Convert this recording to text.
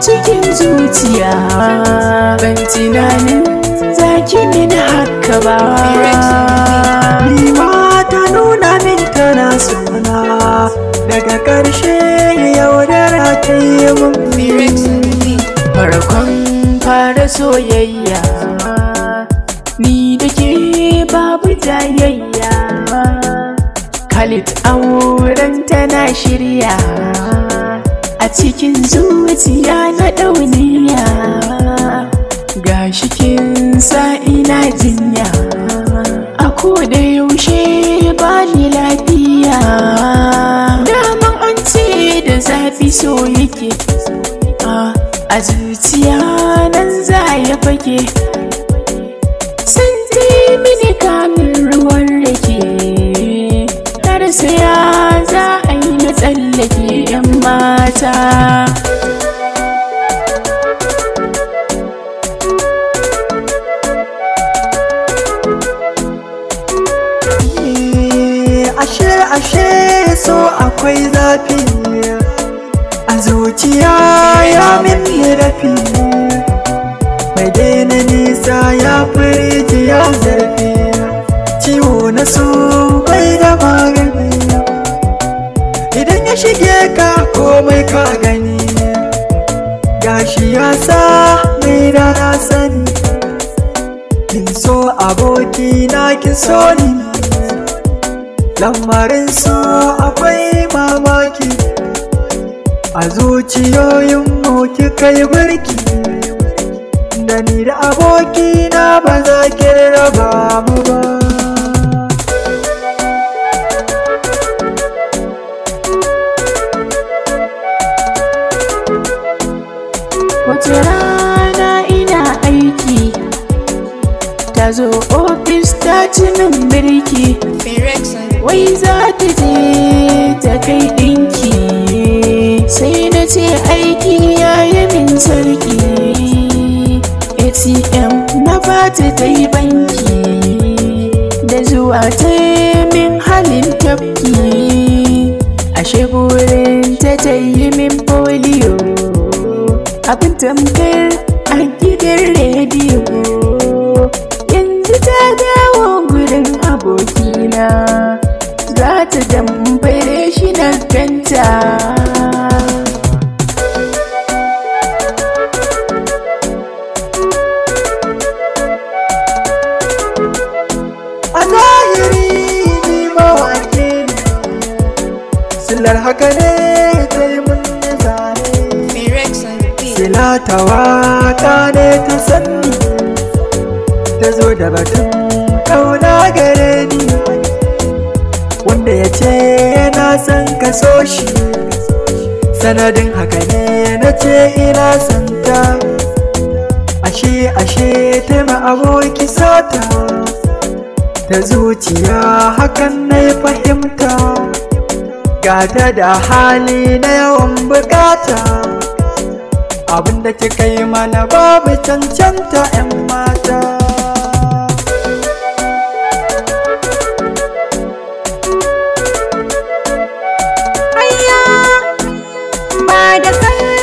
cikin zuciya ban tunanin ki mini haka ba Lima ta nuna min tana suna daga ƙarshe yaudara ta yi mummi farkon fara soyayya ni da ke babu jayayya Khalid auren tana shirya cikin zuciya na ɗauniya ga sa'ina jinya a da yaushe ba ni lafiya daman an ce da zafi so yake a zuciya nan za ya fake sun mini kamin ruwan rake har sai ya ashe ashe so akwai zafi a zuciya ya minne rafi mai daina nisa ya firji ya zarfi ciwo na so bai da magani idan ya shige ka komai ka gani gashi ya sa mai rana sani kin so aboki na kin so ni su akwai mamaki a zuciyoyin moki kai birki, da ni da abokina ba za ki raba mu ba What's ta zo ofis ta ci nan birki wai za ta je ta kai ɗinki sai na ce aiki ya yi min sarki atm na bata ta yi banki da zuwa ta min halin tafki a burin ta ta yi min polio abin tamkar ta dambare shi na kanta Silar haka ne ta yi zane Sila ta waka ne ta sanni Ta zo da batun san ka so shi sanadin haka ne na ce ina santa ashe ashe ta ma aboki sata ta zuciya hakan na fahimta gata da hali na yawan bukata abinda kika yi mana babu cancanta 'yan mata ngoài đẹp